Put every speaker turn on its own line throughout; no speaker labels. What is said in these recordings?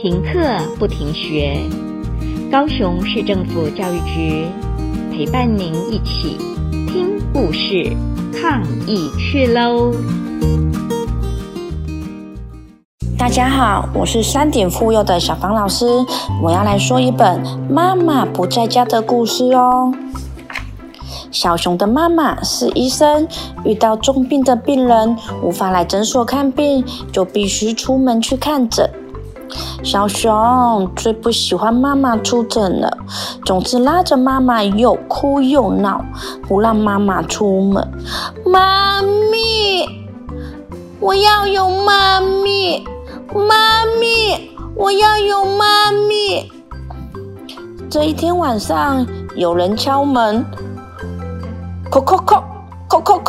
停課不停學，高雄市政府教育局陪伴您一起聽故事、抗疫去嘍！大家好，我是山頂附幼的筱方老師，我要來說一本《媽媽不在家》的故事哦。小熊的媽媽是醫生，遇到重病的病人無法來診所看病，就必須出門去看診。小熊最不喜歡媽媽出診了，總是拉着媽媽又哭又鬧，不讓媽媽出門。媽咪，我要有媽咪，媽咪，我要有媽咪。這一天晚上，有人敲門，叩叩叩，叩叩叩，叩，叩，叩，叩，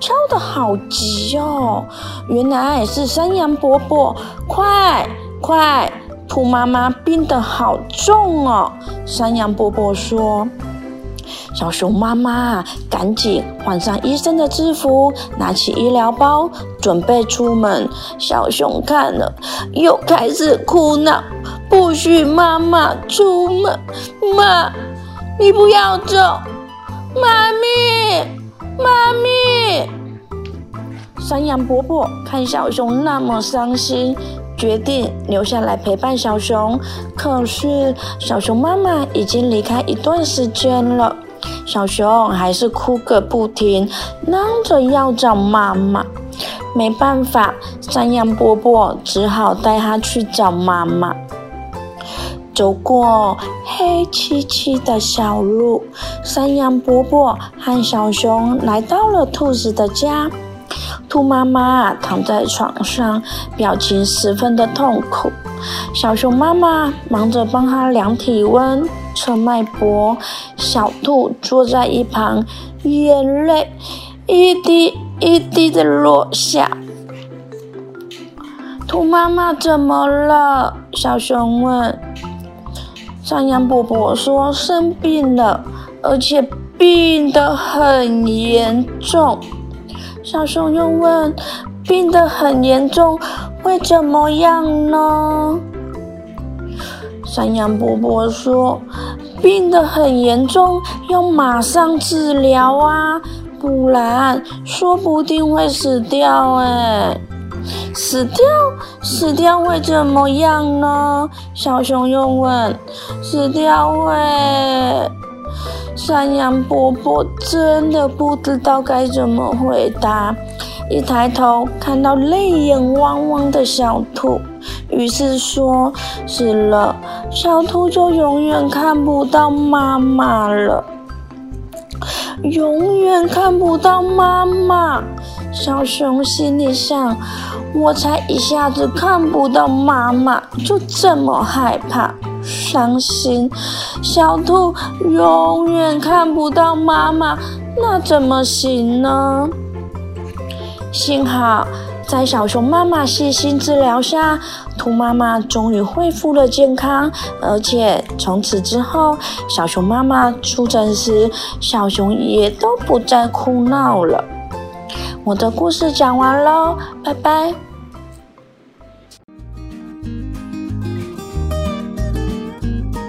敲得好急哦。原來是山羊伯伯，快！快，兔媽媽病得好重哦！山羊伯伯說：“小熊媽媽，趕緊換上醫生的制服，拿起醫療包，準備出門。”小熊看了，又開始哭鬧：“不許媽媽出門！媽，你不要走！媽咪，媽咪！”山羊伯伯看小熊那麼傷心。決定留下來陪伴小熊，可是小熊媽媽已經離開一段時間了，小熊還是哭個不停，嚷着要找媽媽。沒辦法，山羊伯伯只好帶它去找媽媽。走過黑漆漆的小路，山羊伯伯和小熊來到了兔子的家。兔媽媽躺在床上，表情十分的痛苦。小熊媽媽忙着幫她量體溫、測脈搏，小兔坐在一旁，眼淚一滴，一滴一滴的落下。兔媽媽怎麼了？小熊問。山羊伯伯說，生病了，而且病得很嚴重。小熊又問：“病得很嚴重，會怎麼樣呢？”山羊伯伯說：“病得很嚴重，要馬上治療啊，不然說不定會死掉。”哎，死掉，死掉會怎麼樣呢？小熊又問：“死掉會……”山羊伯伯真的不知道該怎麼回答，一抬頭看到淚眼汪汪的小兔，於是說：“死了，小兔就永遠看不到媽媽了，永遠看不到媽媽。”小熊心裡想：“我才一下子看不到媽媽，就這麼害怕。”傷心，小兔永遠看不到媽媽，那怎麼行呢？幸好在小熊媽媽細心治療下，兔媽媽終於恢復了健康，而且從此之後，小熊媽媽出診時，小熊也都不再哭鬧了。我的故事講完嘍，拜拜。